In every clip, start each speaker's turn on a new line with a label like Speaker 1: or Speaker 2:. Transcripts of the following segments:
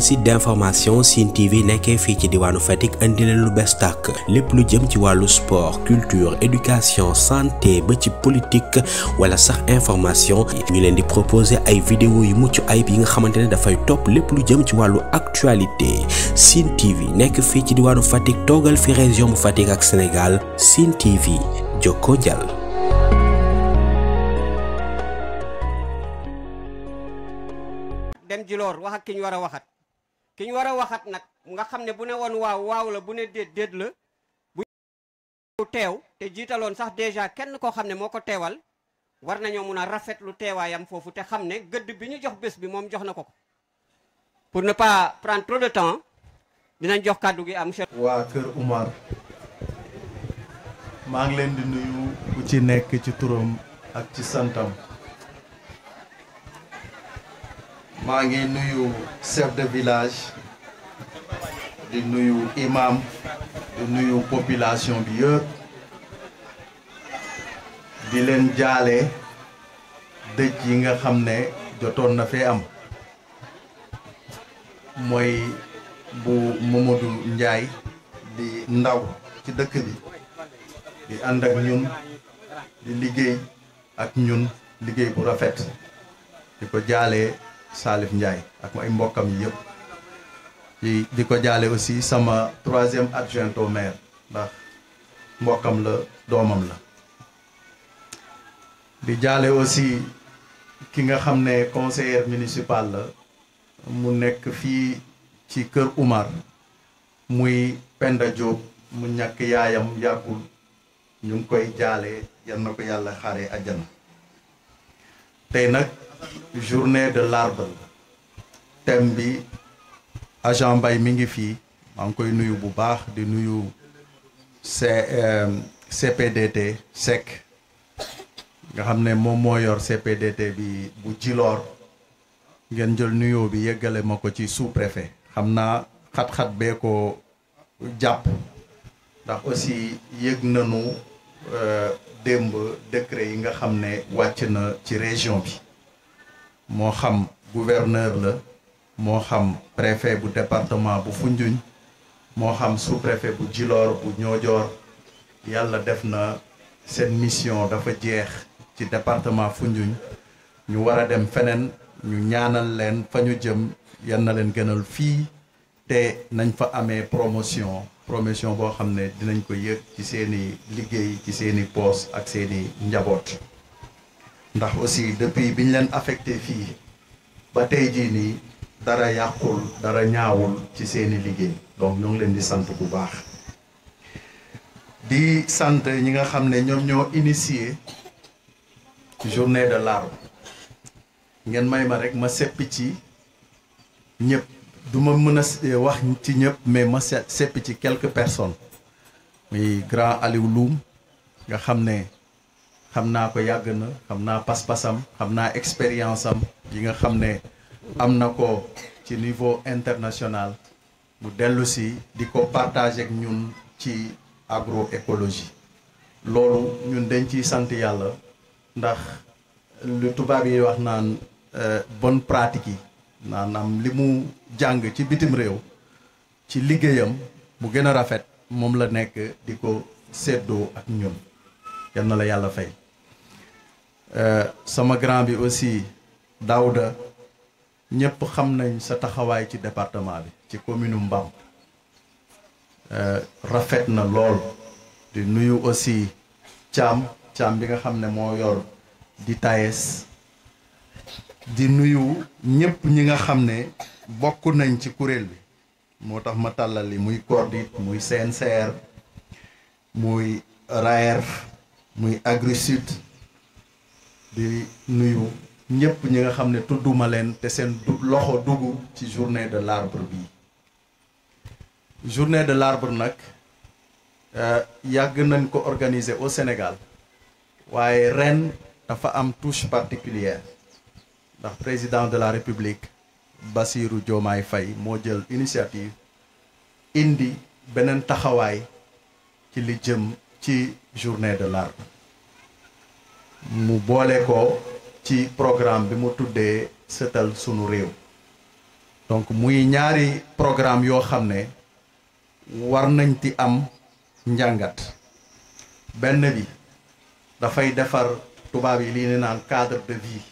Speaker 1: site d'information Cine TV nekkee fi ci diwanu Fatick un leen lu bees tak plus lu jëm ci walu sport culture éducation santé politique ci politique wala sax information ñu len di proposer ay vidéo yu muccu ay bi nga xamantene da top top plus lu jëm ci walu actualité Cine TV nekk qu'un ci diwanu Fatick togal fi région bu Fatick ak Sénégal Cine TV joko dial
Speaker 2: dem ki ñu war a waxat nag nga xam ne bu ne woon waaw waaw la bu ne déet déet la bu teew te jiitaloon sax déjà kenn koo xam ne moo ko teewal war nañoo mun a rafetlu teewaayam foofu te xam ne gëdd bi ñu jox bés bi moom jox na ko ko pour ne pas prendre trop de temps dinañ jox kàddu gi am monsieur waa Kër Umar
Speaker 3: maa ngi leen di nuyu ku ci nekk ci turam ak ci santam mangé ngi nuyu chef de village di nuyu imam di nuyu population bi yëpp di leen jaale dëj yi nga xam ne jotoon na fee am mooy bu Mamadou Ndiaye di ndaw ci dëkk bi di ànd ak ñun di liggéey ak ñun di ko saalif njaay ak ay mbokkam yi yëpp di ko jaale aussi sama troisième adjoint au maire ndax mbokkam la doomam la di jaale aussi ki nga xam ne conseiller municipal la mu nekk fii ci kër Umar muy Penda Diop mu ñàkk yaayam yàggul ñu ngi koy jaale yal na ko yàlla xaaree àjjana tey nag journée de la thème bi agent Mbaye mi ngi fii maa ngi koy nuyu bu baax di nuyu C euh, CPDT SEC nga xam ne moom moo yor CPDT bi bu Djilor ngeen jël nuyoo bi yëggale ma ko ci sous xam naa xat-xat bee ko jàpp ndax aussi yëg nañu euh, démb décret yi nga xam ne wàcc na ci région bi moo xam gouverneur la moo xam préfet bu département bu Foundiougne moo xam sous-préfet bu Djilor bu Niodior yàlla def na seen mission dafa jeex ci département Foundiougne ñu war a dem feneen ñu ñaanal leen fa ñu jëm yan na leen gënal fii te nañ fa amee promotion promotion boo xam ne dinañ ko yëg ci seeni liggéey ci seeni poste ak seeni njaboot ndax aussi depuis bi ñu leen affecté fii ba tey jii nii dara yàqul dara ñaawul ci seeni liggéey donc ñoo ngi leen di sant bu baax di sant ñi nga xam ne ñoom ñoo initié journée de l'arbre ngeen may ma rek ma seppi ci ñëpp duma ma mën a wax ci ñëpp mais ma seppi ci quelques personnes muy grand Aliou Loum nga xam ne xam naa ko yàgg na xam naa pas-pasam xam naa expérience am yi nga xam ne am na ko ci niveau international mu dellu si di ko partager ak ñun ci agro agroécologie loolu ñun dañ ci sant yàlla ndax lu tubaab yi wax naan euh, bonne pratique yi naanaam li mu jàng ci bitim réew ci liggéeyam mu gën a rafet moom la nekk di ko séddoo ak ñun yal na la yàlla fay Euh, sama grand bi aussi Daouda ñëpp xam nañ sa taxawaay ci département bi ci commune Mbam euh, rafet na lool di nuyu aussi Thiam caam bi nga xam ne moo yor di Taes di nuyu ñëpp ñi nga xam ne bokk nañ ci kuréel bi moo tax ma tàllali muy Cordit muy CNCR muy RAER muy Agri Sud di nuyu ñepp ñi nga xamne ne tudduma leen te sen loxo dugu ci journée de l'arbre bi journée de l'arbre euh yag nañ ko organiser au Sénégal waye ren dafa am touche particulière ndax président de la république Basirou Diomaye Fay mo jël initiative indi benen taxaway ci li jëm ci journée de l'arbre mu boole ko ci programme bi mu tuddee setal sunu réew donc muy ñaari programme yoo xam ne war nañ ti am njàngat benn bi dafay defar tubaab yi lii ne naan cadre de vie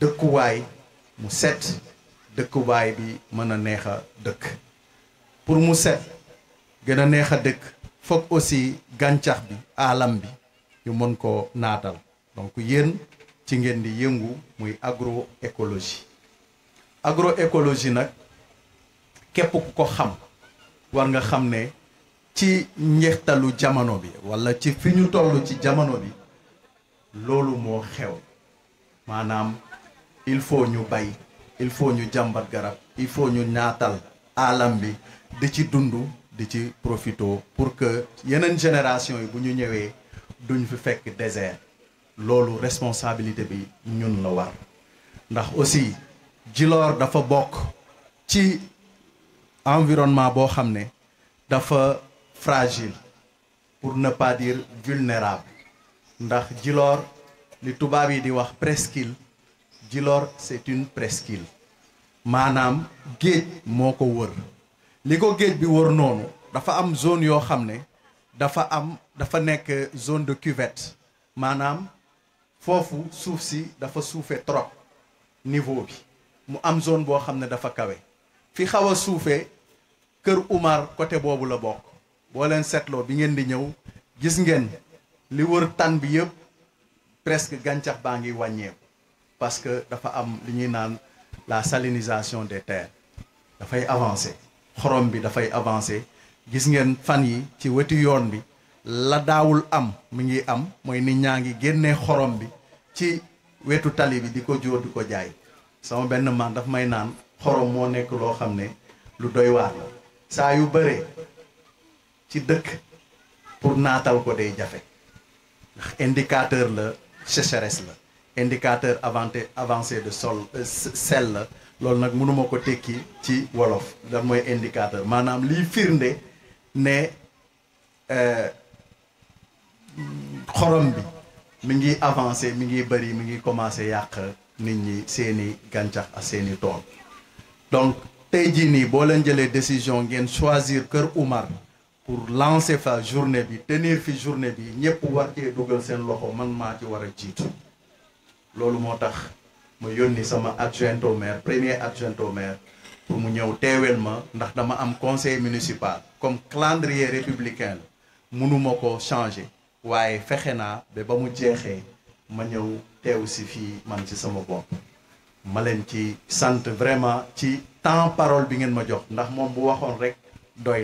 Speaker 3: dëkkuwaay mu set dëkkuwaay bi mën a neex a dëkk pour mu set gën a neex a dëkk foog aussi gàncax bi aalam bi ñu mën ko naatal donc yéen ci ngeen di yëngu muy agroécologie agroécologie nag képp ku ko xam war nga xam ne ci njeextalu jamono bi wala ci fi ñu toll ci jamono bi loolu moo xew maanaam il faut ñu bay il faut ñu jàmbat garab il faut ñu naatal alam bi di ci dund di ci profito pour que yeneen génération yi bu ñu ñëwee duñ fi fekk désert loolu responsabilité bi ñun la war ndax aussi jilor dafa bokk ci environnement boo xam dafa fragile pour ne pas dire vulnérable ndax jilor li tubaab yi di wax presqu'île Djilor c'est une presqu'île maanaam géej moo ko wër li ko géej bi wër noonu dafa am zone yoo xam dafa am dafa une zone de cuvette manam, fofu soufsi dafa souffert trop niveau bi mu am zone dafa un fi xawa a côté bobu la Il bo len setlo bi ngeen di ñew gis ngeen li wër tan bi presque parce que dafa am li la salinisation des terres fay avancer xorom bi avancer gis ngeen fan yi ci yoon la daawul am mu ngi am mooy nit ñaa ngi génne xorom bi ci wetu tali bi di ko jóor di ko jaay sama benn man daf may naan xorom moo nekk loo xam ne lu doy waar la saa yu bëree ci dëkk pour naatal ko day jafe ndax indicateur la sécheresse la indicateur avanté avancé de sol euh, sel la loolu nag mënuma ko tekki ci wolof lan mooy indicateur maanaam liy firnde ne euh, xorom bi mi ngi avancer mi ngi bari mi ngi commencer yak nit ñi seeni gantax ak seeni tool donc tay ji ni bo leen jëlé décision ngeen choisir cœur Umar pour lancer fa journée bi tenir fi journée bi ñepp war ci dugal seen loxo man ma ci wara a lolu motax ma sama adjoint au maire premier adjoint au maire pour mu ñew téwel ma ndax dama am conseil municipal comme calendrier républicain la mako changer waaye fexe naa ba ba mu jeexee ma ñëw teew si fii man ci sama bopp ma leen ci sant vraiment ci temps parole bi ngeen ma jox ndax moom bu waxoon rek doy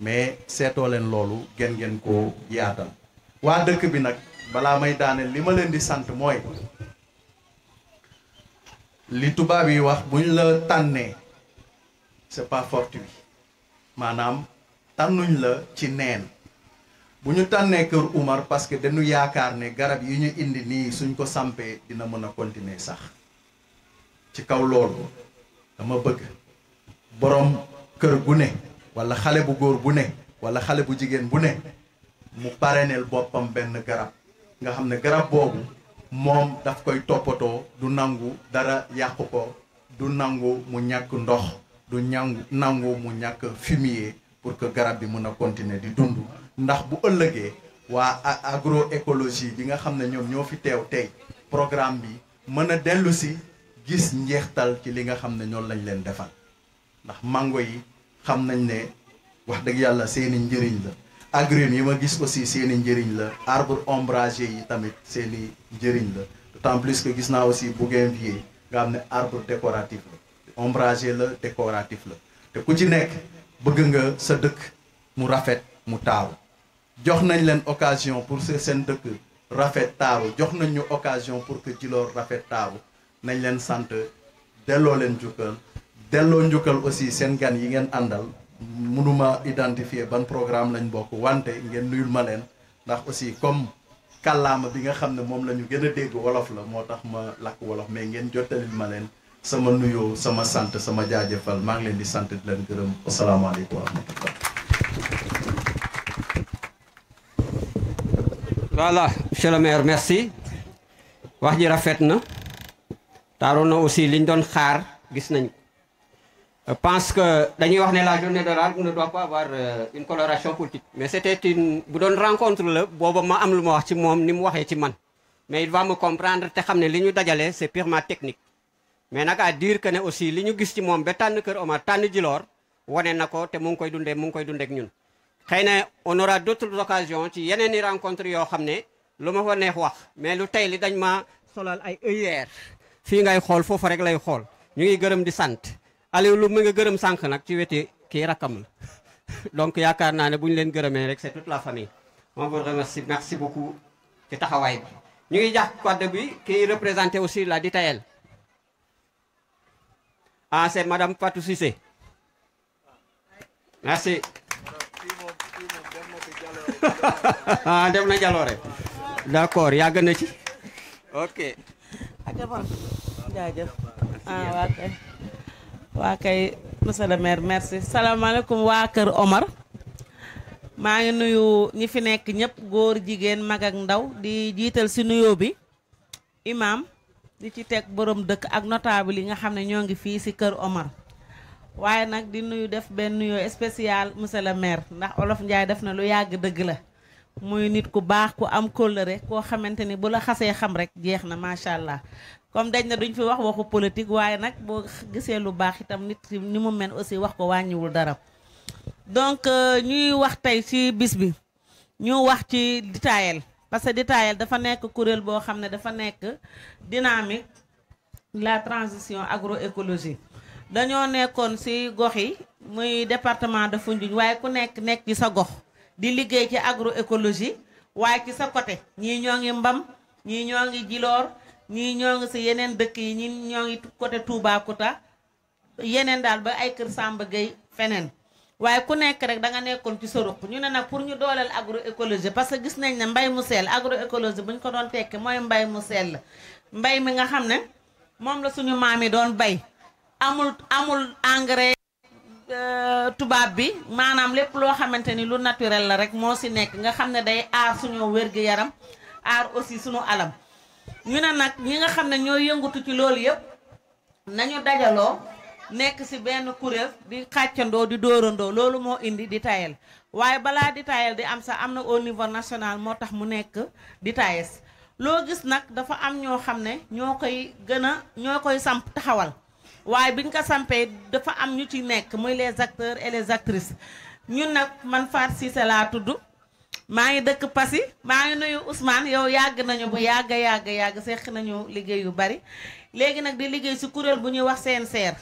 Speaker 3: mais seetoo leen loolu gën ngeen ko yaatal waa dëkk bi nag balaa may daaneel li ma leen di sant mooy li tubaab yi wax buñ la tànnee c'est pas fortuit maanaam tànnuñ la ci neen bu ñu tànnee kër Umar parce que dañu yaakaar ne garab yi ñu indi nii suñ ko sampee dina mën a continuer sax ci kaw loolu dama bëgg borom kër gu ne wala xale bu góor bu ne wala xale bu jigéen bu ne mu parrainel boppam benn garab nga xam ne garab boobu moom daf koy toppatoo du nangu dara yàq ko du nangu mu ñàkk ndox du ñangu nangu mu ñàkk fumier pour que garab bi mën a continuer di dund ndax bu ëllëgee waa écologie bi nga xam ne ñoom ñoo fi teew tey programme bi mën a dellu si gis njeextal ci li nga xam ne ñoom lañ leen defal ndax mango yi xam nañ ne wax dëgg yàlla seeni njëriñ la agrumes yi ma gis aussi seeni njëriñ la arbre ombragé yi tamit seeni njëriñ la d'autant plus que gis naa aussi bougainvillier nga am ne arbre décoratif la ombragé la décoratif la te ku ci nekk bëgg nga sa dëkk mu rafet mu taaw jox nañ leen occasion pour que seen dëkk rafet taaru jox nañ ñu occasion pour que Djilor rafet taaru nañ leen sant delloo leen njukkal delloo njukkal aussi seen gan yi ngeen àndal mënuma identifier ban programme lañ bokk wante ngeen nuyul ma leen ndax aussi comme kàllaama bi nga xam ne moom la gën a dégg wolof la moo tax ma lakk wolof mais ngeen jottalil ma leen sama nuyo sama sant sama jaajëfal maa ngi leen di sante di leen gërëm asalaamaaleykum wa rahmatullah
Speaker 2: voilà monsieur le maire merci wax ji rafet na taaru na aussi liñ doon xaar gis nañ je pense que dañuy wax ne la journée de l'arbre ne doit pas avoir euh, une coloration politique mais c'était une bu doon rencontre la booba ma am lu ma wax ci moom ni mu waxee ci man mais il va me comprendre te xam ne li ñu dajale c'est purement technique mais nag à dire que ne aussi li ñu gis ci moom ba tànn Kër Omar tànn Djilor wane na ko te mu ngi koy dundee mu ngi koy dundeek ñun xëy na on aura d'autres ci yeneen i rencontre yoo xam ne lu ma fa neex wax mais lu tey li dañ ma solal ay œillères fii ngay xool foofu rek lay xool ñu ngi gërëm di sant Aliou lu mu nga gërëm sànq nag ci weti kii rakkam la donc yaakaar naa ne bu ñu leen gërëmee rek c'est toute la famille on vous remercie merci beaucoup ci taxawaay bi ñu ngi jax kàddu bi kii représenté aussi la DITAYEL ah c'est madame Fatou Cissé Ya, ah def na jaloore d' accord yàgg na ci ok
Speaker 4: ak bon jaajëf ah wa kay wa kay monsieur le maire merci salaamaaleykum wa keur Omar ma ngi nuyu ñi fi nek ñep goor jigen mag ak ndaw di jital ci nuyo bi imam di ci tek borom dekk ak notable yi nga xamne ñoo ngi fii Omar waaye nag di nuyu def benn nuyoo spécial monsieur le maire ndax olof Ndiaye def na lu yàgg dëgg la muy nit ku baax ku am kóllëre koo xamante ni bu la xasee xam rek jeex na macha allah comme dañ na duñ fi wax waxu politique waaye nag boo gisee lu baax itam nit ni mu mel aussi wax ko wàññiwul dara. donc euh, ñuy wax tey ci bis bi ñu wax ci ditaayel parce que ditaayel dafa nekk kuréel boo xam ne dafa nekk dynamique la transition écologie dañoo nekkoon ci gox yi muy département de Foundiougne waaye ku nekk nekk ci sa gox di liggéey ci agroécologie waaye ci sa côté ñii ñoo ngi Mbam ñii ñoo ngi jiloor ñii ñoo ngi si yeneen dëkk yi ñii ñoo ngi côté Toubacouta yeneen daal ba ay kër Samba Gueye feneen waaye ku nekk rek danga nekkoon ci sa ruq ñu ne nag pour ñu dooleel agroécologie parce que gis nañ ne mbay mu sell agroécologie bu ñu ko doon tekki mooy mbay mu sell la mbay mi nga xam ne moom la suñu maam yi doon bay amul amul engrais euh, tubaab bi maanaam lépp loo xamante ni lu naturel la rek moo si nekk nga xam ne day aar suñu wér-gu-yaram aar aussi suñu alam ñu ne nag ñi nga xam ne ñoo yëngatu ci loolu yëpp nañu dajaloo nekk si benn kuréel di xàccandoo di dóorandoo loolu moo indi di tayel waaye balaa di tayel di am sax am na au niveau national moo tax mu nekk di loo gis nag dafa am ñoo xam ne ñoo koy gën a ñoo koy samp taxawal waaye bi ñu ko sampee dafa am ñu ci nekk muy les acteurs et les actrices ñun nag man Fatou Cissé laa tudd maa ngi dëkk Passy maa ngi nuyu Ousmane yow yàgg nañu bu yàgg yàgg yàgg seq nañu liggéey yu bari léegi nag di liggéey si kuréel bu ñuy wax CNCR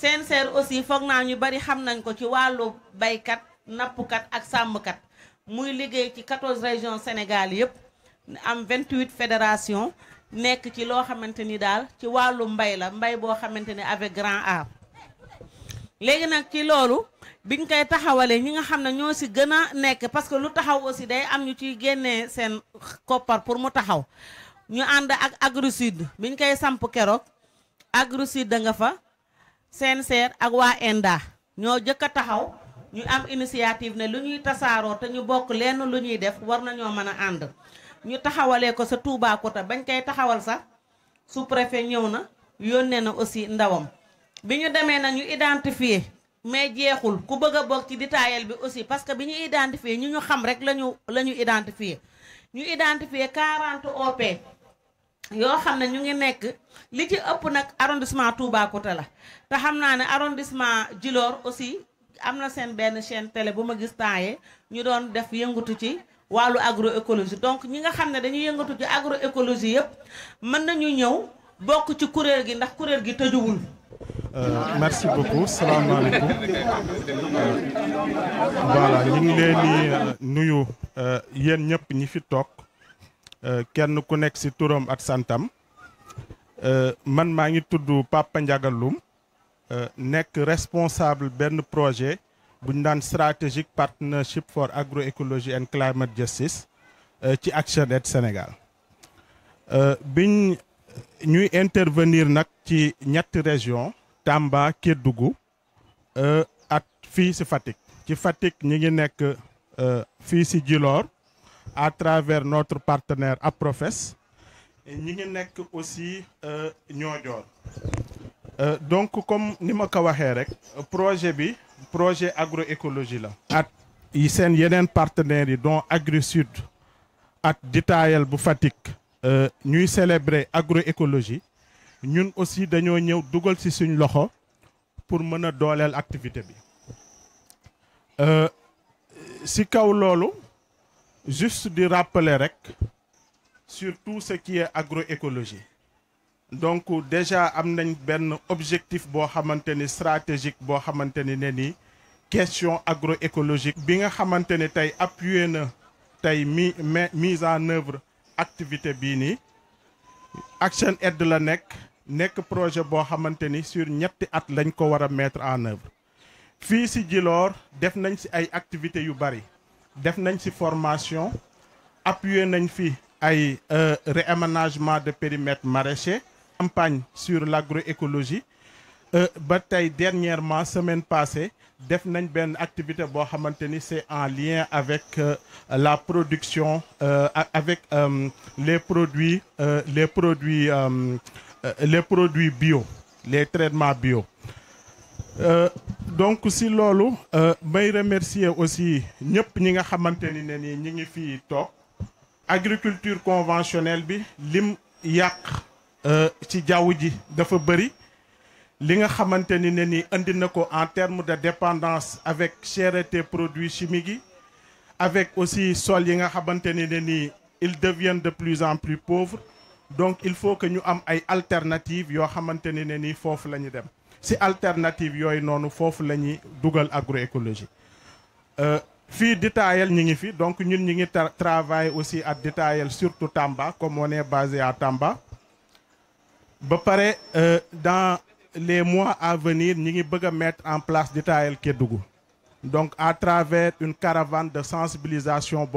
Speaker 4: CNCR aussi foog naa ñu bari xam nañ ko ci wàllu baykat nappkat ak sàmmkat muy liggéey ci 14 régions Sénégal yëpp am vingt 28 fédérations. nekk ci loo xamante ni daal ci wàllu mbay la mbay boo xamante ni avec grand A léegi nag ci loolu biñ koy taxawalee ñi nga xam ne ñoo si gën a nekk parce que lu taxaw aussi day am ñu ciy génnee seen koppar pour mu taxaw ñu ànd ak Agri Sud biñ koy samp keroog Agri Sud nga fa CNCR ak waa ENDA ñoo jëkk a taxaw ñu am initiative ne lu ñuy tasaaroo te ñu bokk lenn lu ñuy def war nañoo mën a ànd ñu taxawalee ko sa Toubacouta bañ koy taxawal sax sous ñëw na yónnee na aussi ndawam bi ñu demee na ñu identifier mais jeexul ku bëgg a bokk ci détail bi aussi parce que bi ñu identifier ñu ñu xam rek la ñu la ñu identifier ñu identifier 40 OP yoo xam ne ñu ngi nekk li ci ëpp nag arrondissement Toubacouta la te xam naa ne arrondissement jiloor aussi am na seen benn chaîne télé bu ma gis taaye ñu doon def yëngutu ci wàllu agroécologie donc ñi nga xam ne dañuy yëngatu ci agroécologie yëpp mën nañu ñëw bokk ci kuréel gi ndax kuréel gi tëjuwul.
Speaker 5: Euh, beaucoup salaamaaleykum euh, voilà ñu ngi leen di euh, yéen ñëpp ñi fi toog kenn ku nekk ci turam ak santam man maa ngi tudd Papa Ndiaga nekk responsable benn projet bu ñu strategic partnership for agroecology and climate justice euh, ci Action Aid Sénégal euh, biñ ñuy intervenir nak ci ñetti région Tamba Kédougou euh, at fii si Fatick ci Fatick ñi ngi nekk Djilor à travers notre partenaire APROFES ñi ngi nekk aussi euh, donc comme nima ko waxé rek projet bi projet agroécologie là. Il yi sen yenen partenaires yi dont agrisud Sud ak bu fatik euh ñuy célébrer agroécologie ñun aussi dañoo ñew duggal ci suñ loxo pour mener l'activité. Si activité bi euh, ci kaw lolu juste di rappeler sur tout ce qui est agroécologie donc déjà am ben objectif boo xamante ni stratégique boo xamante ni ni question agroécologique bi nga xamante ne appuyé na tey mise en œuvre activité bini. nii Action aide la nekk nekk projet boo xamante ni sur ñetti at lañ ko mettre en œuvre Fils si Djilor def nañ ci ay activités yu bari def nañ ci formation appuyé nañ fi ay euh, réaménagement de périmètre maraîcher campagne sur l'agroécologie euh, bataille dernièrement semaine passée def activité c'est en lien avec euh, la production euh, avec les produits les produits les produits bio les traitements bio donc si Lolo, je remercier aussi ñep ñi nga ni agriculture conventionnelle bi lim euh, ci jaww ji dafa bëri li nga xamanteni ne ni en terme de dépendance avec chereté produits chimiques avec aussi sol yi nga xamanteni ni ne ni ils deviennent de plus en plus pauvres donc il faut que ñu am ay alternatives yo xamanteni ni ne ni foofu la dem ci alternative yoy nonu fofu lañu ñuy agroécologie euh fi détaillé ñi ngi fi donc ñun ñi ngi travailler aussi à détaillé surtout Tamba comme on est basé à Tamba euh, dans les mois à venir nous allons mettre en place des sont Kédougou donc à travers une caravane de sensibilisation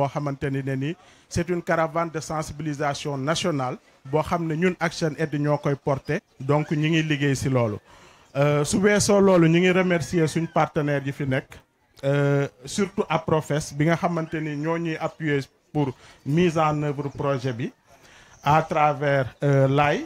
Speaker 5: c'est une caravane de sensibilisation nationale Nous avons une Action et nous porter donc nous ngi ici ci remercions euh, les ñi remercier partenaires du fi euh, surtout à bi nga nous appuie ñoo ñuy pour mise en œuvre projet à travers l'AI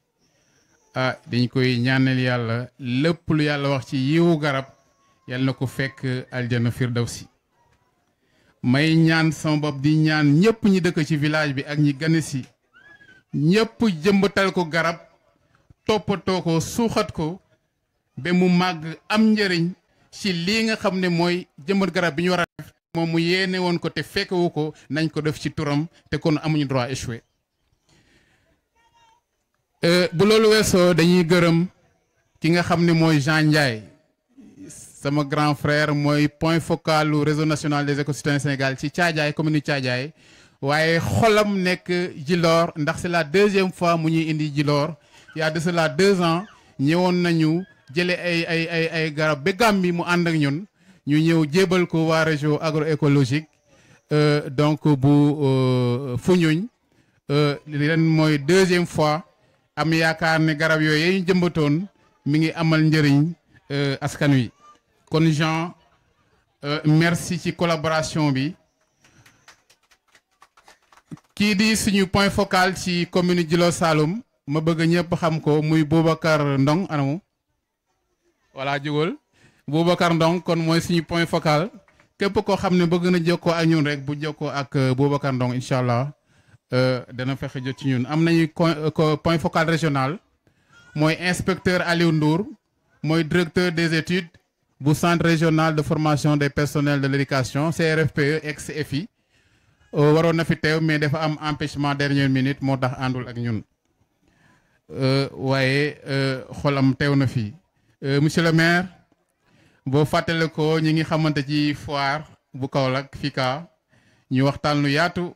Speaker 6: a ah, dañ koy ñaanal yàlla lépp lu yàlla wax ci yiwu garab yàlla na ko fekk aljana firdawsi may ñaan sama bopp di ñaan ñëpp ñi dëkk ci village bi ak ñi gane si ñëpp jëmbatal ko garab toppatoo ko suuxat ko ba mu màgg am njëriñ ci lii nga xam ne mooy jëmbat garab bi ñu war a moom mu yéene woon ko te fekkewu ko nañ ko def ci turam te kon amuñu droit échoué Euh, bu lolou wesso dañuy gëreum ki nga Jean Ndiaye sama grand frère moy point focal du réseau national des écosystèmes Sénégal ci Thiadiaye commune Thiadiaye waye xolam ndax c'est la deuxième fois mu ñuy indi il y a de cela deux ans ñewon nañu jëlee ay ay ay ay garab be gambi mu and ak ñun ñu ñew ko wa région agroécologique euh, donc bu euh, Foundiougne ren mooy deuxième fois am yaakaar ne garab yooyu ñu jëmbatoon mi ngi amal njëriñ euh, askan wi kon Jean euh, merci ci collaboration bi kii di suñu point focal ci commune Djilo Saloum ma bëgg ñëpp xam ko muy Boubacar Ndong anamu voilà jógal Boubacar Ndong kon mooy suñu point focal képp koo xam ne bëgg na jokkoo ak ñun rek bu jokkoo ak euh, Boubacar Ndong incha allah Euh, dana fexe jot ci ñun am nañu euh, point focal régional moy inspecteur Aliou Ndour moy directeur des études du centre régional de formation des personnels de l'éducation CRFPE ex FI euh, waroon na fi tew mais dafa am empêchement dernière minute motax andul ak ñun euh xolam tew na fii monsieur le maire bo fàttale ko ñi ngi xamanté ci foire bu Kaolack fika ka ñu waxtaan lu yaatu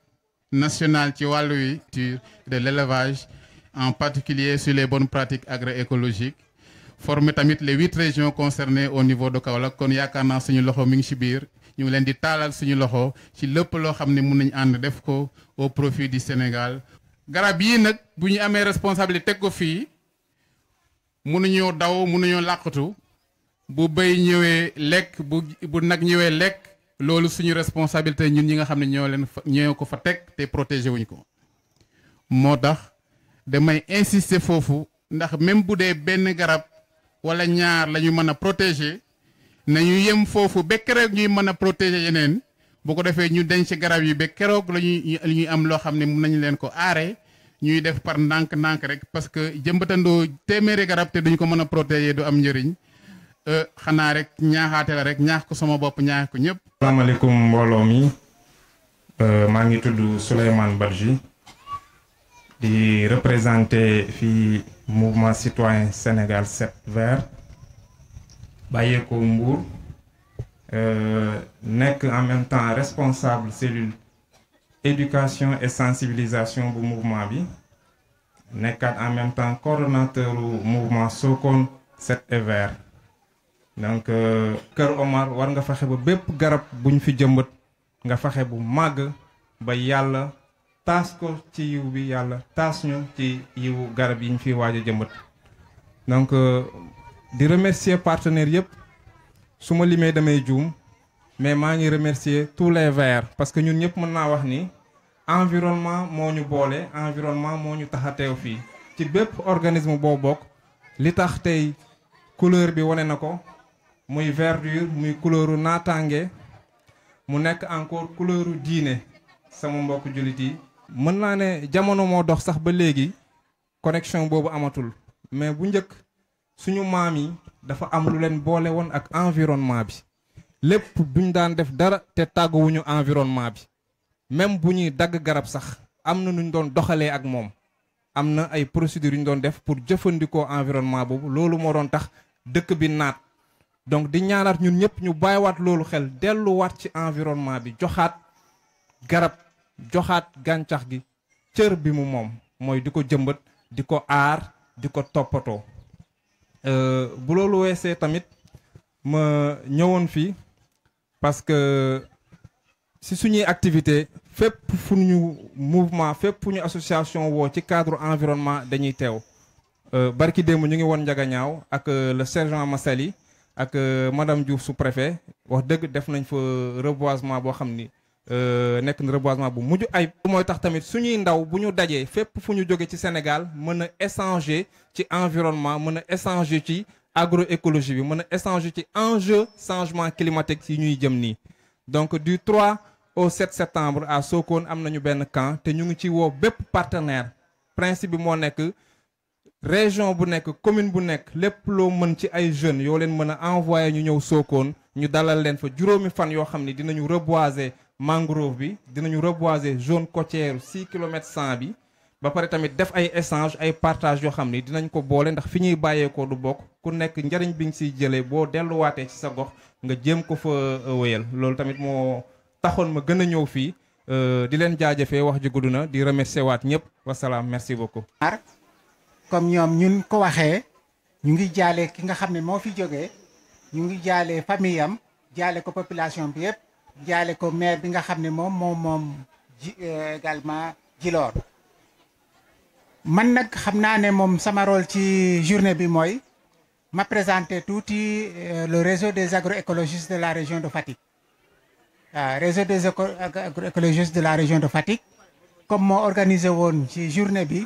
Speaker 6: national ci wàllu de l'élevage en particulier sur les bonnes pratiques agroécologiques former tamit les huit régions concernées au niveau de Kaolack kon yaakaar naa suñu loxo mi ngi ci biir ñu leen di suñu ne au profit du Sénégal. garab yii nag responsabilité teg ko fii Dao, daw mënuñoo làqatu bu béy ñëwee vous bu bu loolu suñu responsabilité ñun ñi nga xam ne ñoo leen fa ñoo ko fa teg te protégé wuñ ko moo tax damay insister foofu ndax même bu dee benn garab wala ñaar la ñu mën a protéger nañu yem foofu be keroog ñuy mën a protéger yeneen bu ko defee ñu denc garab yi ba keroog la li ñuy am loo xam ne mun nañu leen ko aare ñuy def par ndànk-ndànk rek parce que jëmbatandoo téeméeri garab te duñ ko mën a protéger du am njëriñ. Euh, xana rek ñaaxaate la rek ñaax ko sama bopp ñaax ko ñëpp.
Speaker 7: salaamaaleykum mbooloo mi euh, maa ngi tudd Souleymane di représenté fii mouvement citoyen Sénégal 7 vert bàyyeekoo Mbour euh, nekk en même temps responsable cellule éducation et sensibilisation bu mouvement bi nekkaat en même temps du mouvement Sokone Sept et vert. donc Kër Omar war nga fexe ba bép garab buñ fi jëmbat nga fexe bu mag ba yalla tas ko ci yiw bi yalla tas ñu ci yiw garab yiñ fi waja jëmbat donc euh, di remercier partenaire yépp suma limé damay joom mais ma ngi remercier tous les verts parce que ñun ñëpp mën na wax ni environnement mo ñu bolé environnement mo ñu tax fi ci bép organisme bobok, bok li tax tay couleur bi wane nako muy verdure muy couleuru naataange mu nekk encore couleuru diine sama mbokk jullit yi. mën naa ne jamono moo dox sax ba léegi connexion boobu amatul mais bu njëkk suñu maam yi dafa am lu leen boole woon ak environnement bi lépp duñ daan def dara te tàgguwuñu environnement bi même bu ñuy dagg garab sax am na nuñ doon doxalee ak moom am na ay procédures yu ñu doon def pour jëfandikoo environnement boobu loolu moo doon tax dëkk bi naat. donc di ñaanaat ñun ñëpp ñu bàyyiwaat loolu xel delluwaat ci environnement bi joxaat garab joxaat gàncax gi cër bi mu moom mooy di ko jëmbat di ko aar di ko toppatoo. Euh, bu loolu weesee tamit ma ñëwoon fii parce que si suñuy activité fépp fu ñu mouvement fépp fu ñu association woo ci cadre environnement dañuy teew. Euh, barki démb ñu ngi woon Njagañaaw ak euh, le sergent Massali ak euh, madame Diouf sous préfet wax deug def nañ fa reboisement bo xamni euh nek na reboisement bu muju ay moy tax tamit suñuy ndaw buñu dajé fep fuñu joggé ci Sénégal mën échanger ci environnement mën échanger ci agroécologie bi mën échanger ci enjeu changement climatique ci ñuy jëm ni donc du 3 au 7 septembre à Sokone amnañu nañu benn camp té ñu ngi ci wo bép partenaire principe bi mo nek région bu nek commune bu mën ci jeunes yo leen mën a ñu Sokone ñu dalal leen fa fan mangrove bi dinañu reboiser zone côtière 6 km, 100 bi ba tamit def ay ay partage yo xamni dinañ ko bolé ndax fiñuy bayé ko du ku ci sa gox nga ko fa euh, euh, di leen wax di remercier merci beaucoup comme
Speaker 8: ñoom ñun ko waxé ñu ngi jalé ki nga xamné mo fi joggé ñu ngi jalé famille jalé ko population bi yépp jalé ko maire bi nga xamné mom mom euh, également Djilor man nak xamna né mom sama rôle ci journée bi moy ma présenter touti euh, le réseau des agroécologistes de la région de Fatick euh, réseau des agroécologistes de la région de Fatigue, comme moo organisé woon ci journée bi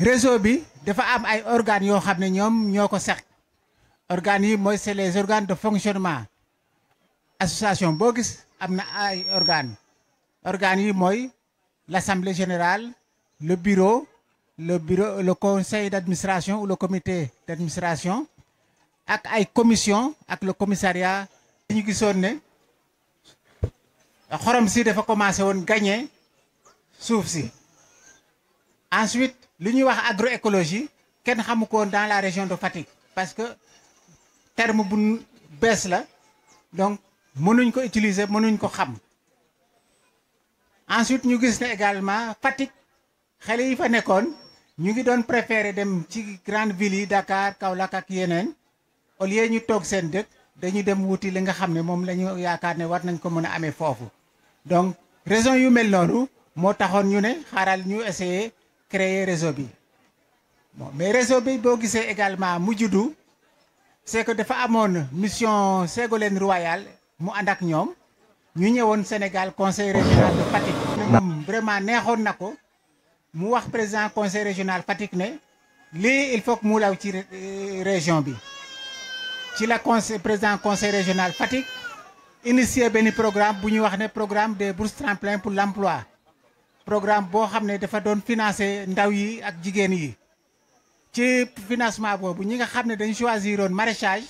Speaker 8: réseau bi dafa am ay organes yo xamné ñom ñoko sax organes yi moy c'est les organes de fonctionnement association BOGIS gis amna ay organes organes yi l'assemblée générale le bureau le bureau le conseil d'administration ou le comité d'administration ak ay commission ak le commissariat ñu gisoon xorom si dafa commencé won gagner souf si ensuite li wax agroécologie kenn xamu ko dans la région de Fatik parce que terme bu bees la donc mënuñ ko utiliser mënuñ ko xam ensuite ñu gis ne également Fatik xale yi fa nekkoon ñu ngi doon préférer dem ci grande ville yi Dakar Kaolack ak yeneen au lieu ñu toog seen dëkk dañu dem wuti li nga xam ne moom la ñu yaakaar ne nañ ko mën a amee donc raison yu mel noonu moo taxoon ñu ne xaaral ñu essayer créer réseau bi bon mais réseau bi c'est également mu c'est que de dafa mon mission Ségolène Royale, mu ànd ak ñoom ñu Sénégal conseil régional de Fatick. moom vraiment néxon nako Nous mu wax président conseil régional Fatick né li il faut que nous law ci euh, région bi ci la conseil président conseil régional Fatick Initié benn programme bu ñu wax un programme de bourses tremplin pour l'emploi programme boo xam ne dafa doon financer ndaw yi ak jigéen yi ci financement boobu ñi nga xam ne dañu choisiroon maraîchage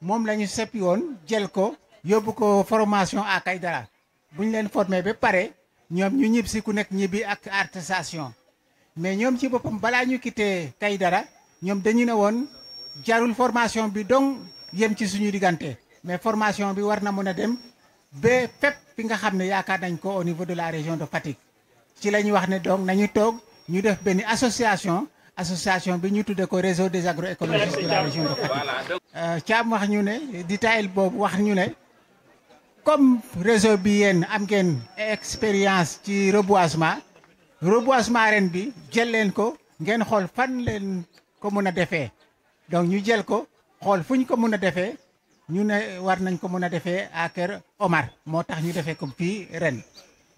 Speaker 8: moom la ñu seppi woon jël ko yóbbu ko formation à Kaydara bu ñu leen formé ba pare ñoom ñu ñib si ku nekk ñibbi ak artisanat mais ñoom ci boppam balaa ñu quitté dara ñoom dañu ne woon jarul formation bi dong yem ci suñu diggante mais formation bi war na mën a dem ba fépp fi nga xam ne yaakaar nañ ko au niveau de la région de Fatick. ci la wax ne donc nañu toog ñu def benn association association bi ñu tuddee ko réseau des agroécologistes de la région de Fatick. Euh, Thiam wax ñu ne détail boobu wax ñu ne comme réseau bi yéen am ngeen expérience ci reboisement reboisement ren bi jël leen ko ngeen xool fan leen ko mën a defee donc ñu jël ko xool fu ñu ko mën a defee ñu ne war nañ ko mën a defee à Kër Omar moo tax ñu defee ko fii ren.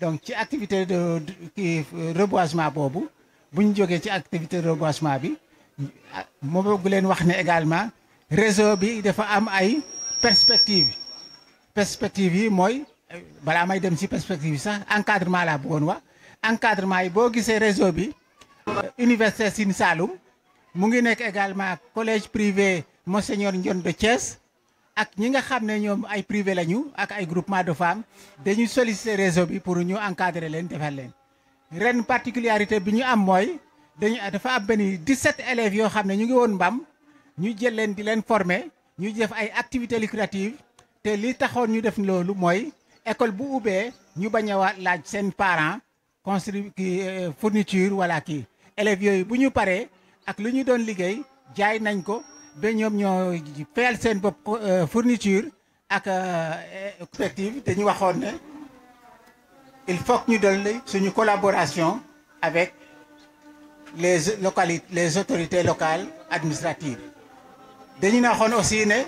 Speaker 8: donc ci activité de kii reboisement boobu bu ñu jógee ci activité de reboisement bi ah, moo bëgg leen wax ne également réseau bi dafa am ay perspectives perspectives yi mooy balaa may dem ci perspective yi sax encadrement laa bëggoon wax encadrement yi boo gisee réseau bi université Sine Saloum mu ngi nekk également collège privé Monseigneur Ndione de Thiès ak ñi nga xam ne ñoom ay privé lañu ak ay groupement de femmes dañuy solliciter réseau bi pour ñu encadrer leen defal leen ren particularité bi ñu am mooy dañu dafa am benn 17 élèves yoo xam ne ñu ngi woon mbam ñu jël leen di leen former ñu def ay activités lucratives te li taxoon ñu def loolu mooy école bu ubbee ñu bañ a laaj seen parents construire kii euh, fourniture wala kii élèves yooyu bu ñu paree ak li ñu doon liggéey jaay nañ ko Nous avons ñoo fayal seen bopp euh, fourniture ak coopérative dañu nous il faut ñu suñu collaboration avec les localités les autorités locales administratives dañu naxone aussi né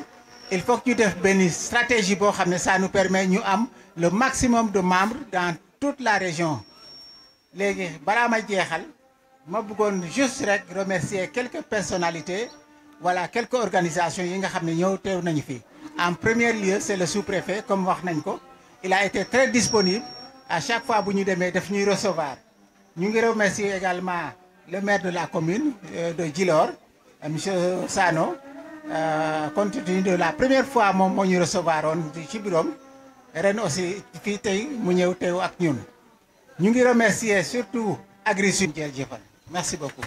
Speaker 8: il faut que ñu def stratégie qui xamné ça nous permet ñu am le maximum de membres dans toute la région légui voudrais jéxal ma juste rek remercier quelques personnalités voilà quelques organisations qui ont été. en premier lieu c'est le sous-préfet comme vous le savez, il a été très disponible à chaque fois que nous demee daf recevoir Nous ngi remercier également le maire de la commune euh, de Gilor, euh, M. Sano euh, compte tenu de la première fois que nous ñu recevoir woon ci biroom ren aussi qui mu Nous ñun remercier surtout Agri Sud merci beaucoup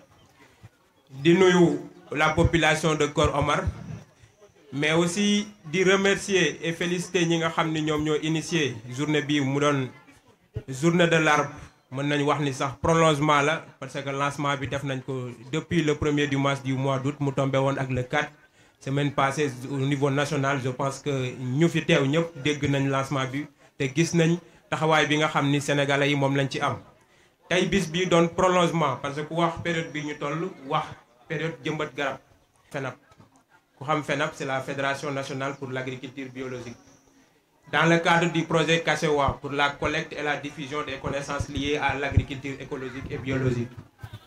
Speaker 1: di la population de Kor Omar mais aussi de remercier et féliciter les gens qui ont initié journée bii journée de l'arbre Je nañ wax ni sax prolongement parce que le lancement a été fait depuis le 1 dimanche du mois d'août nous tombé avec le 4 semaine passée au niveau national je pense que nous avons fait ñëpp nañ lancement bi lancement gis nañ taxawaay bi nga sénégalais am tey bis bi prolongement parce que wax période bi ñu toll période jëmbat garab Fenap, ku xam c'est la fédération nationale pour l'agriculture biologique dans le cadre du projet CACEWA pour la collecte et la diffusion des connaissances liées à l'agriculture écologique et biologique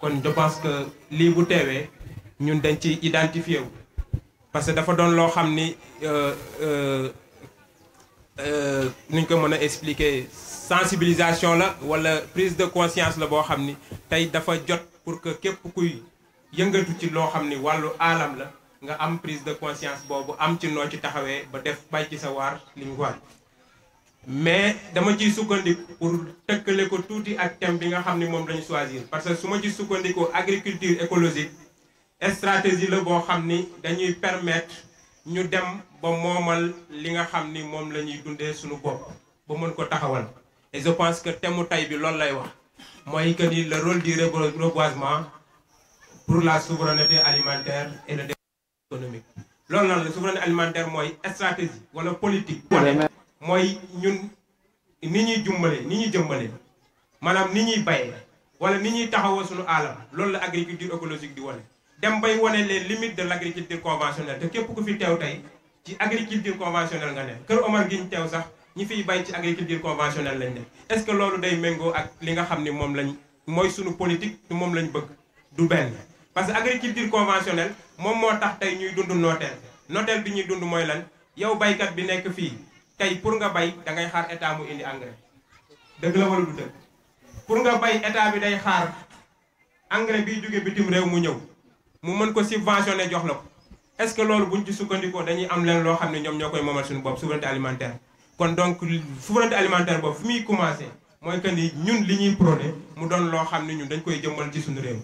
Speaker 1: kon je pense que les bu nous ñun identifié parce que dafa doon loo xam euh, euh, euh, sensibilisation la wala prise de conscience la bo xamni tay dafa jot pour que kep kuy yëngatu ci lo xamni walu alam la nga am prise de conscience bobu am ci no ci taxawé ba def bay ci sa waar li war mais dama ci sukkandiku pour tëkkale ko touti ak thème bi nga xamni ni moom lañu choisir parce que suma ma ci sukkandiku agriculture écologique stratégie la bo xamni dañuy permettre ñu dem ba momal li nga xamni ni lañuy dundé suñu bop ba mën ko taxawal et je pense que thème mu tey bi là lay wax que ni le rôle du reboisement pour la souveraineté alimentaire et le développement économique. loolu noonu la souveraineté alimentaire une stratégie wala politique. C'est ñun ni ñuy jumbale ni ñuy jëmbale maanaam ni ñuy bayee wala ni ñuy taxawoo suñu alam loolu la agriculture écologique di wane. dem bay les limites de l'agriculture conventionnelle te képp ku fi teew tey ci agriculture conventionnelle nga ne Kër Omar gi ñi fiy bay ci agriculture conventionnelle lañ ne est-ce que loolu day méngoo ak li nga xam ni moom lañ mooy sunu politique du moom lañ bëgg du benn parce que agriculture conventionnelle moom moo tax tey ñuy dund nooteel nooteel bi ñuy dund mooy lan yow baykat bi nekk fii tey pour nga bay da ngay xaar état mu indi engrais dëgg la wala du dëgg pour nga bay état bi day xaar engrais biy jóge bitim réew mu ñëw mu mën ko subventionné jox la ko est-ce que loolu buñ ci sukkandikoo dañuy am leen loo xam ne ñoom ñoo koy moomal suñu bopp alimentaire kon donc souveraineté alimentaire boobu fi muy commencé mooy que ni ñun li ñuy prôné mu doon loo xam ne ñun dañ koy jëmbal ci suñu réew.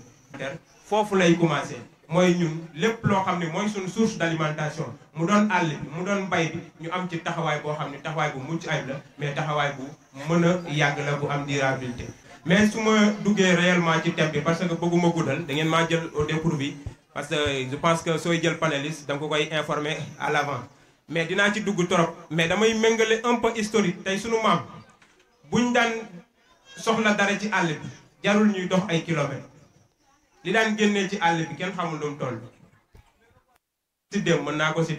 Speaker 1: foofu lay commencé mooy ñun lépp loo xam ne mooy suñu source d' alimentation mu doon àll bi mu doon mbay bi ñu am ci taxawaay boo xam ne taxawaay bu mucc ayib la mais taxawaay bu mën a yàgg la bu am durabilité. mais su ma duggee réellement ci thème bi parce que bëgguma guddal da ngeen maa jël au dépourvu bi parce que je pense que sooy jël panéliste da nga koy informer à l' avant. mais dinaa ci dugg trop mais damay méngale un peu tey sunu maam buñ daan soxla dara ci àll bi jarul ñuy dox ay kilomètres li daan génnee ci àll bi kenn xamul lu toll. si mën naa ko si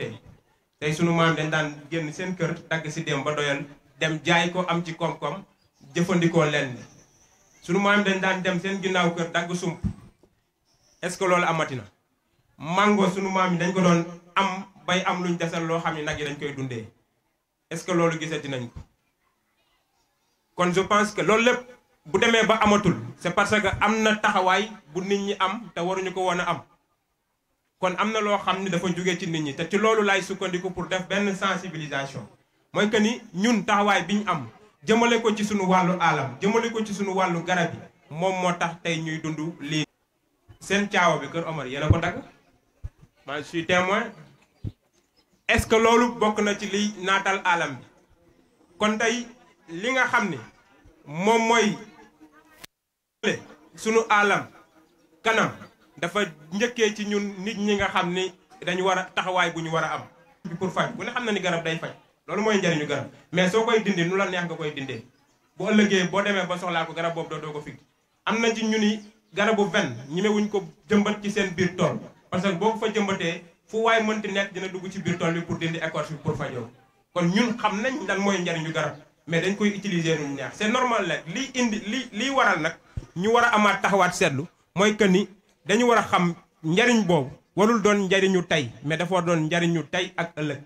Speaker 1: tey sunu maam dañ daan génn seen kër dagg si démb ba doyal dem jaay ko am ci koom jëfandikoo lenn sunu maam dañ daan dem seen ginnaaw kër dagg sump est-ce que loolu amati na mango sunu maam dañ ko doon am. bay am luñ desal loo xam ne nag yi dañ koy dundee est-ce que loolu gisati nañ kon je pense que loolu lépp bu demee ba amatul c'est parce que am na taxawaay bu nit ñi am te waruñu ko woon a am kon am na loo xam ni dafa jóge ci nit ñi te ci loolu laay sukkandiku pour def benn sensibilisation mooy que ni ñun taxawaay bi ñu am jëmale ko ci suñu wàllu alam jëmale ko ci suñu wàllu garab yi moom moo tax tey ñuy dund lii. seen caawa bi kër Omar yéen ko dagg man je est-ce que loolu bokk na ci liy naatal alam bi kon tey li nga xam ni moom mooy sunu alam kanam dafa njëkkee ci ñun nit ñi nga xam ni dañu war a taxawaay bu ñu war a am bi pour faj bu ne xam na ni garab day faj loolu mooy njariñu garab mais soo koy dindi nu la neex nga koy dindee bu ëllëgee boo demee ba soxlaa ko garab boobu doo doo ko fig am na ci ñu ni garabu ven ñemewuñ ko jëmbat ci seen biir tool parce que boo fa jëmbatee fu waay mënti nekk dina dugg ci biir tool pour dindi écorce bi pour fajoo kon ñun xam nañ lan mooy njariñu garab mais dañ koy utiliser ñu mu c'est normal nag li indi li li waral nak ñu wara a taxawat taxawaat moy que ni dañu wara xam njariñ boobu warul doon njariñu tay mais dafa war doon njariñu tey ak ëlëk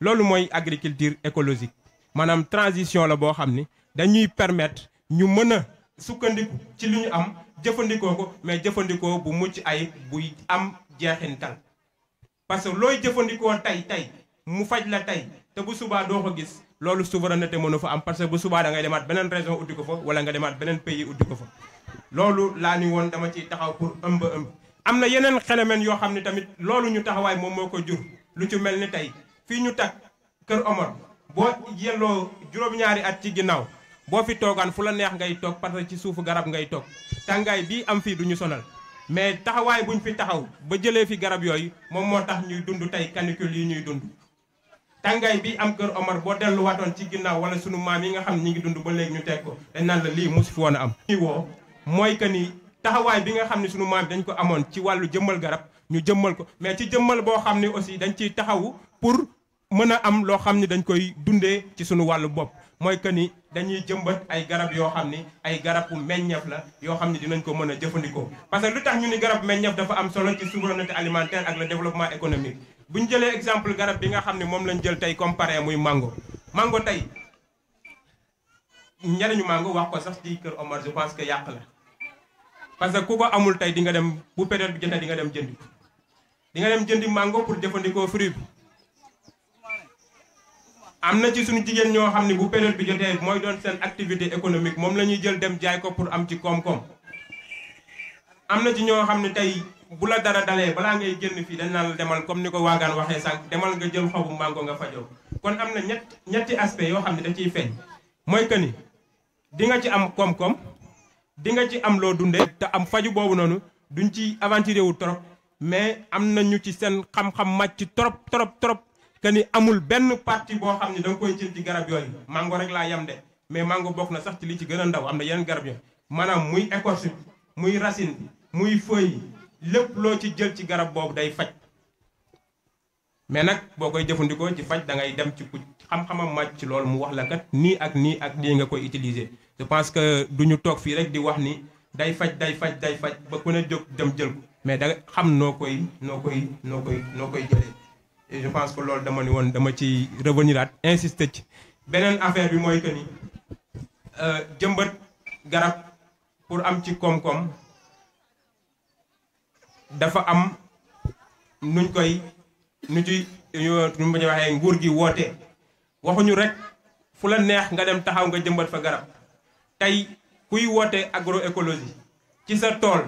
Speaker 1: lolu moy agriculture écologique manam transition la bo xamni dañuy permettre ñu mëna sukkandiku ci li ñu am jëfandikoo ko mais jëfandikoo bu mucc ay bu am jeexintal parce que looy jëfandikoo tey tey mu faj la tey te bu subaa doo ko gis loolu souveraineté mënu fa am parce que bu subaa da ngay demaat beneen région uddi ko fa wala nga demaat beneen pays uddi ko fa loolu laa ni woon dama ciy taxaw pour ëmb ëmb am na yeneen phénomène yoo xam ne tamit loolu ñu taxawaay moom moo ko jur lu ci mel ni tey fii ñu takk kër Omar boo yelloo juróom-ñaari at ci ginnaaw boo fi toogaan fu la neex ngay toog parce que ci suufu garab ngay toog tàngaay bii am fii du ñu sonal mais taxawaay bu ñu fi taxaw ba jëlee fi garab yooyu moom moo tax ñuy dund tey canicule yi ñuy dund tàngaay bi am kër Omar boo delluwaatoon ci ginnaaw wala sunu maam yi nga xam ne ñi ngi dund ba léegi ñu teg ko dañ naan la lii mosu fi woon a am ñi mooy que ni taxawaay bi nga xam ne sunu maam dañ ko amoon ci wàllu jëmmal garab ñu jëmmal ko mais ci jëmmal boo xam ne aussi dañu ciy taxawu pour mën a am loo xam ne dañ koy dundee ci sunu wàllu bopp mooy que ni dañuy jëmbat ay garab yoo xam ni ay garabu meññeef la yoo xam ni dinañ ko mën a jëfandikoo parce que lu tax ñu ni garab meññeef dafa am solo ci souveraineté alimentaire ak le développement économique bu ñu jëlee exemple garab bi nga xam ne moom lañ jël tey comparé muy mango mango tey njariñu mango wax ko sax ci kër Omar je que yàq la parce que ku ko amul tey di nga dem bu période bi jotee di nga dem jëndi di nga dem jënd mango pour jëfandikoo fruit bi am na ci suñu jigéen ñoo xam ne bu période bi jotee mooy doon seen activité économique moom la ñuy jël dem jaay ko pour am ci koom-koom am na ci ñoo xam ne tey bu la dara dalee balaa ngay génn fii dañ naan la demal comme ni ko waagaan waxee sànq demal nga jël xobu mango nga fajoo kon am na ñett ñetti aspect yoo xam ne da ciy feeñ mooy que ni di nga ci am koom-koom di nga ci am loo dundee te am faju boobu noonu duñ ci aventuré wu trop mais am na ñu ci seen xam-xam màcc trop trop trop que ni amul benn parti boo xam ne da koy jël ci garab yooyu mango rek laa yem de mais mango bokk na sax ci li ci gën a ndaw am na yeneen garab yooyu maanaam muy écorce bi muy racine bi muy feuille lépp loo ci jël ci garab boobu day faj mais nag boo koy jëfandikoo ci faj da ngay dem ci ku xam-xamam màcc ci loolu mu wax la kat nii ak nii ak nii nga koy utiliser je pense que du ñu toog fii rek di wax ni day faj day faj day faj ba ku ne jóg dem jël ko mais da xam noo koy noo koy noo koy noo koy jëlee et je pense que loolu dama ni woon dama ci revenir at insister ci beneen affaire bi mooy que ni euh, jëmbat garab pour am ci koom-koom dafa am nuñ koy nu ci nu ma waxee nguur gi woote waxuñu rek fu la neex nga dem taxaw nga jëmbat fa garab tey kuy woote écologie ci sa tool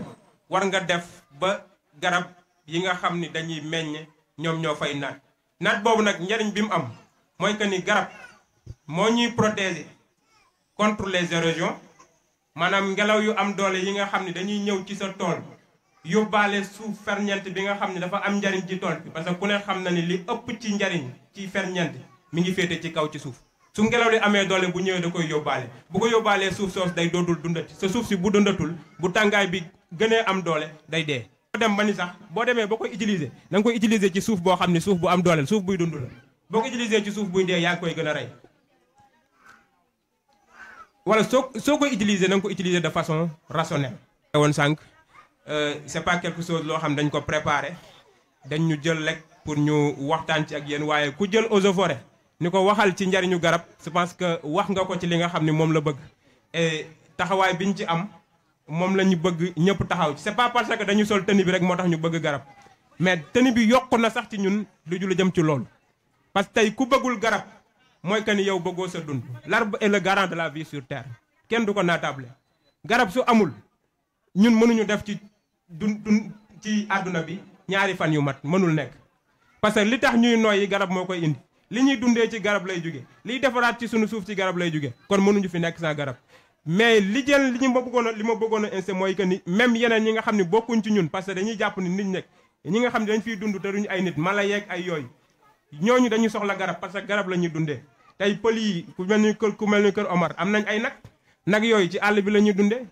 Speaker 1: war nga def ba garab yi nga xam ni dañuy meññ ñoom ñoo fay naat naat boobu nag njariñ bi mu am mooy que ni garab moo ñuy protéger contre les érosions maanaam ngelaw yu am doole yi nga xam ni dañuy ñëw ci sa tool yóbbaale suuf ferñeent bi nga xam ne dafa am njariñ ci tool bi parce que ku ne xam na ni li ëpp ci njariñ ci ferñeent mu ngi féete ci kaw ci suuf su ngelaw li amee doole bu ñëwee da koy yóbbaale bu ko yóbbaalee suuf soos day doodul dundati sa suuf si bu dundatul bu tàngaay bi gënee am doole day dee dem ba sax boo demee boo koy utiliser da nga koy utiliser ci suuf boo xam ne suuf bu am dooleel suuf buy dund la boo ko ci suuf buy dee koy gën a wala soo soo koy utiliser na nga ko utiliser de façon rationnelle woon sànq euh, c'est pas quelque chose loo xam dañ ko préparer dañ ñu jël lekk pour ñu waxtaan ci ak yéen waaye ku jël eaux et ni ko waxal ci njariñu garab je pense que wax nga ko ci li nga xam ne moom la bëgg et taxawaay biñ ci am moom la ñu bëgg ñëpp taxaw ci c'est pas parce que dañu sol tenue bi rek moo tax ñu bëgg garab mais tenue bi yokku na sax ci ñun lu ju la jëm ci loolu parce que tey ku bëggul garab mooy que ni yow bëggoo sa dund l'arbre est le de la vie sur terre kenn du ko naatable garab su amul ñun mënuñu def ci dun dun ci àdduna bi ñaari fan yu mat mënul nekk parce que li tax ñuy nooyi garab moo koy indi li ñuy dundee ci garab lay jóge liy defaraat ci sunu suuf ci garab lay jóge kon mënuñu fi nekk sans garab mais li li ñu ma bëggoon li ma bëggoon a insté mooy ni même yeneen ñi nga xam ni bokkuñ ci ñun parce que dañuy jàpp ni nit ñek ñi nga xam ne dañ fiy dund te duñu ay nit mala yeeg ay yooyu ñu dañuy soxla garab parce que garab la ñuy dundee tey pël yi ku mel ni kër ku mel ni kër Omar am nañ ay nag nag yooyu ci àll bi lañuy ñuy dundee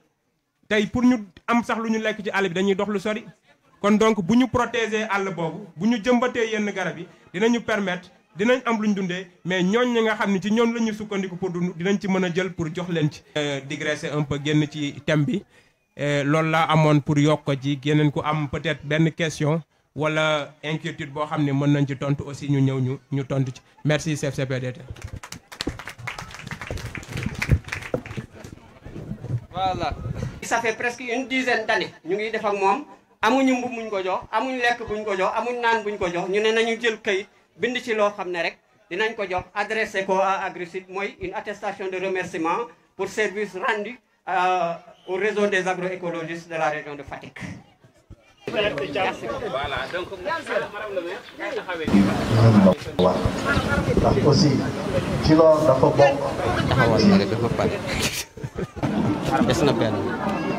Speaker 1: tey pour ñu am sax lu ñu lekk ci àll bi dañuy dox lu sori kon donc bu ñu protéger àll boobu bu ñu jëmbatee yenn garab yi dinañu permettre dinañ am luñ dundee mais ñooñ ñi nga xam ne ci ñoom la ñu sukkandiku pour dund dinañ ci mën a jël pour jox leen ci. Euh, digresser un peu génn ci thème bi euh, loolu laa amoon pour yokk ko ci yeneen ku am peut-être benn question wala inquiétude boo xam ne mën nañ ci tontu aussi ñu ñëw ñu ñu tontu ci merci CFCPDT.
Speaker 2: voilà. ça fait presque une dizaine ñu ngi def ak moom amuñu mbub muñ ko jox amuñu lekk buñ ko jox amuñu naan buñ ko jox ñu ne nañu jël kayit. bind ci lo xamné à une attestation de remerciement pour service rendu euh, au réseau des agroécologistes de la région de Fatick.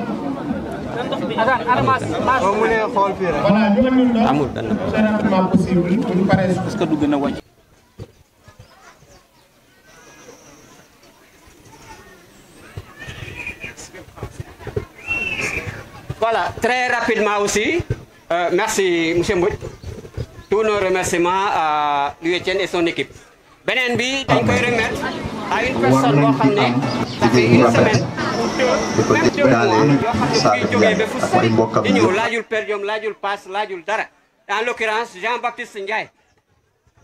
Speaker 2: Voilà, très rapidement aussi, euh, merci M. Mbouj. Tous nos remerciements à l'UETN et son équipe. Benenbi, bi, dañ koy remettre à une personne qui a fait une semaine di ko déggaale laajul per diem en l'occurrence Ndiaye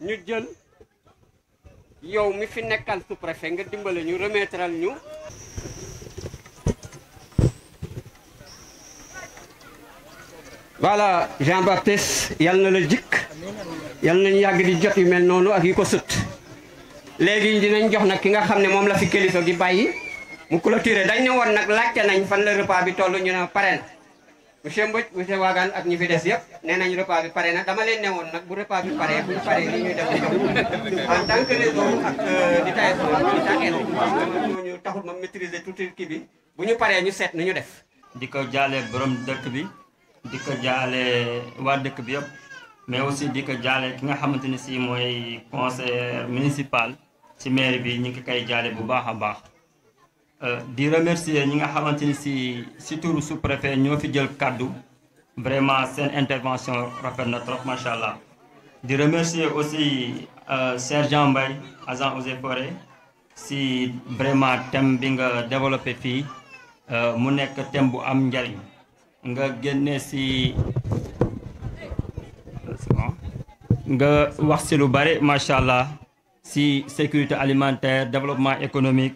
Speaker 2: ñu jël yow mi fi nekkal sous nga dimbale ñu remettre ñu voilà Jean Baptiste yal na la jikk yal nañ yàgg di jot yu mel noonu ak yi ko sut léegi dinañ jox nag ki nga xam ne moom la fi kilifa gi bàyyi mu clôturé dañ ne woon nag laajte nañ fan la repas bi toll ñu ne pare na monsieur Mbodj monsieur Wagan ak ñi fi des yëpp nee nañ repas bi na dama leen ne woon nag bu repas bi ñu def en euh, taxul ma maîtriser tout kii bi
Speaker 9: bu ñu paree ñu seet nu ñu def. di ko jaale borom dëkk bi di ko jaale waa dëkk bi yëpp mais aussi di ko jaale ki nga xamante ni si mooy conseil municipal si maire bi ñu ngi koy jaale bu baax a baax. Euh, di remercier ñi nga xamante ni si si turu ñoo fi jël kàddu vraiment seen intervention rafet na trop macha allah. di remercier aussi euh, sergent Mbaye agent eaux et forêts si vraiment thème bi nga développé fii euh, mu nekk thème bu am njariñ nga génne si nga wax si lu bari macha allah si sécurité alimentaire développement économique.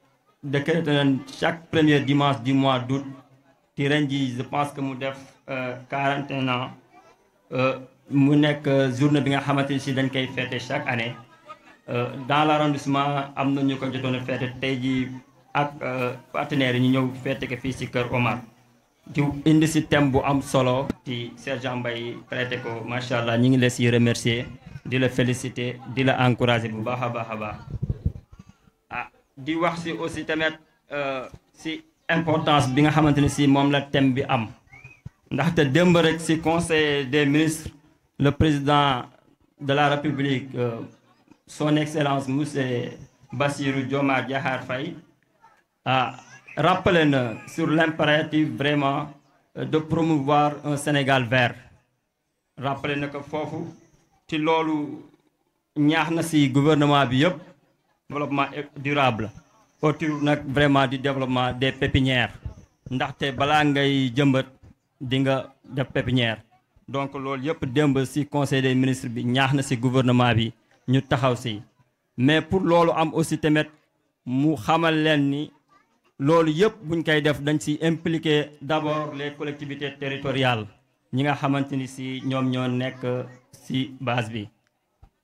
Speaker 9: décrété chaque premier dimanche du mois d'août ci ren ji je pense que mu def euh, quarante et un euh, mu nekk euh, journée bi nga xamante ne si dañ koy fêté chaque année dans la l'arrondissement am na ñu ko jotoon a tey jii ak partenaires yi ñu ñëw fêté ko fii si Kër Omar. di indi si thème bu am solo ci sergent Mbaye traité ko macha allah ñu ngi la si remercier di la féliciter di la encourager bu baax a baax a baax. di wax aussi euh, importance bi nga si la am conseil des ministres le président de la république euh, son excellence monsieur Bassirou Dioma a rappelé sur l'impératif vraiment euh, de promouvoir un Sénégal vert rappelé que Fofu, ñaax gouvernement développement durable autour nag vraiment du développement des pépinières ndaxte balaa ngay jëmbat di nga def pépinière donc loolu yëpp ci conseil des ministres bi ñaax ci gouvernement bi ñu taxaw ci mais pour loolu am aussi tamit mu xamal leen ni loolu yëpp buñ koy def dañ ci impliquer d'abord les collectivités territoriales ñi nga xamante ci ñoom ñoo ci base bi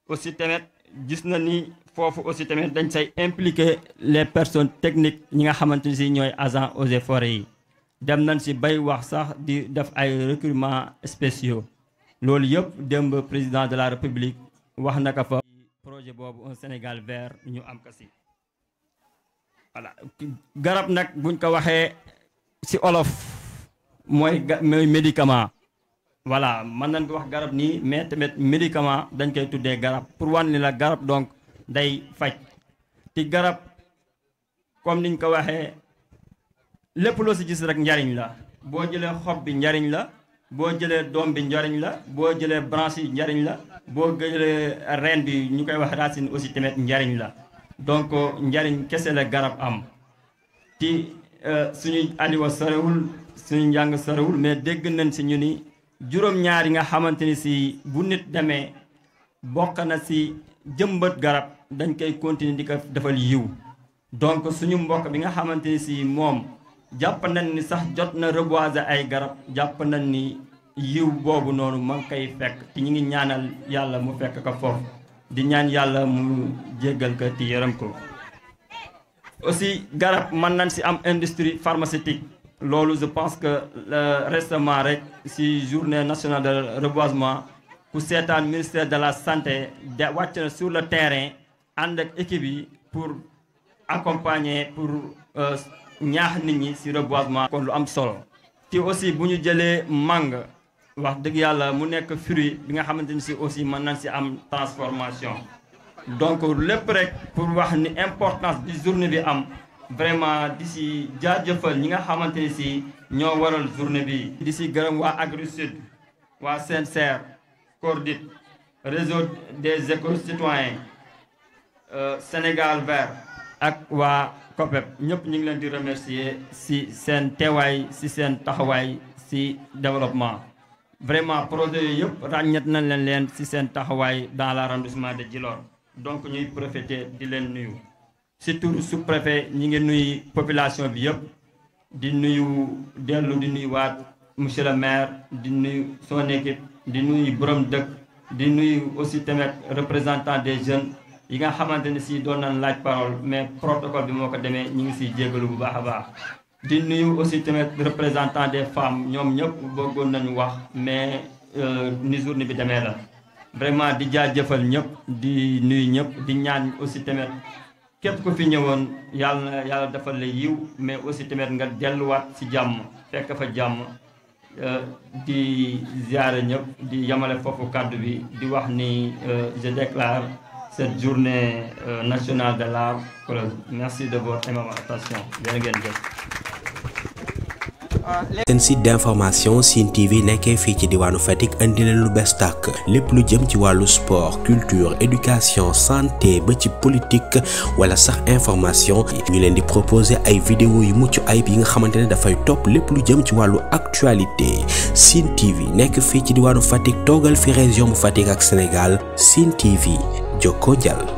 Speaker 9: aussi tamit gis na ni fofu aussi tamit dañ say impliquer les personnes techniques ñi nga xamanteni si ñooy agent aux et forêts yi dem nañ si bay wax sax di def ay recrutements spéciaux loolu yëpp démb président de la république wax naka fa projet boobu un Sénégal vert ñu am ko si voilà garab nag buñ ko waxee si olof mooy mooy médicament voilà man nañ ko wax garab nii mais tamit médicament dañ koy tuddee garab pour wan ni la garab donc day faj ti garab comme niñ ko waxee lépp loo si gis rek njariñ la boo jëlee xob bi njariñ la boo jëlee doom bi njariñ la boo jëlee branche yi njariñ la boo jëlee reen bi ñu koy wax racine aussi tamit njariñ la donc njariñ kese la garab am ti euh, suñuy aliwa sorewul suñuy njàng sorewul mais dégg nañ si ñu ni juróom-ñaar yi nga xamante ni si bu nit demee bokk na si jëmbat garab dañ koy continuer di ko defal yiw donc suñu mbokk bi nga xamante ni si moom jàpp nañ ni sax jot na reboiser ay garab jàpp nañ ni yiw boobu noonu ma koy fekk te ñu ngi ñaanal yàlla mu fekk ko foofu di ñaan yàlla mu jéggal ko te yërëm ko aussi garab mën nañ si am industrie pharmaceutique loolu je pense que euh, récemment rek si journée nationale de reboisement ku seetaan ministère de la santé de wàcc sur le terrain ànd ak équipe yi pour accompagner pour euh, ñaax nit ñi ci reboisement. ko lu am solo. ci aussi bu ñu jëlee màng wax dëgg yàlla mu nekk fruit bi nga xamante ni ci aussi mën nañ si am transformation. donc lépp rek pour wax ni importance bi journée bi am vraiment di si ci jaajëfal ñi nga xamante ni ci ñoo waral journée bi. di ci gërëm waa Agri Sud waa CNCR Cordit réseau des écoles citoyens Euh, Sénégal vert ak wa COPEP ñëpp ñing leen di remercier si sen téway si sen taxaway si développement vraiment projet yooyu yëpp nañ leen leen si sen taxaway dans l'arrondissement de Djilor donc ñuy profiter di leen nuyu surtout sous-préfet ñi ngi nuyu population bi yëpp di nuyu delu di nuyu waat monsieur le maire di nuyu son équipe di nuyu borom dëkk di nuyu aussi tamit représentant des jeunes yi nga xamante ne si doon na laaj parole mais protocole bi moo ko demee ñu ngi siy jégalu bu baax a baax. di nuyu aussi tamit représentant des femmes ñoom ñëpp bëggoon nañu wax mais euh, ni journée bi demee la vraiment di jaajëfal ñëpp di nuyu ñëpp di ñaan aussi tamit képp ku fi ñëwoon yàlla na yàlla defal la yiw mais aussi tamit nga delluwaat si jàmm fekk fa jàmm euh, di ziare ñëpp di yamale foofu kàddu bi di wax ni euh, je déclare. cette journée euh, nationale de l'art. Merci de votre aimable attention. Bienvenue.
Speaker 1: seen site d'information Sine TV nekkee fii ci diwaanu Fatick indi leen lu bees tàkk lépp lu jëm ci wàllu sport culture éducation santé ba ci politique wala sax information ñu leen di proposer ay vidéo yu mucc ayib yi nga xamante ne dafay topp lépp lu jëm ci wàllu actualité Sine TV nekk fii ci diwaanu Fatick toogal fi région bu Fatick ak Sénégal Sine TV jokkoo jàll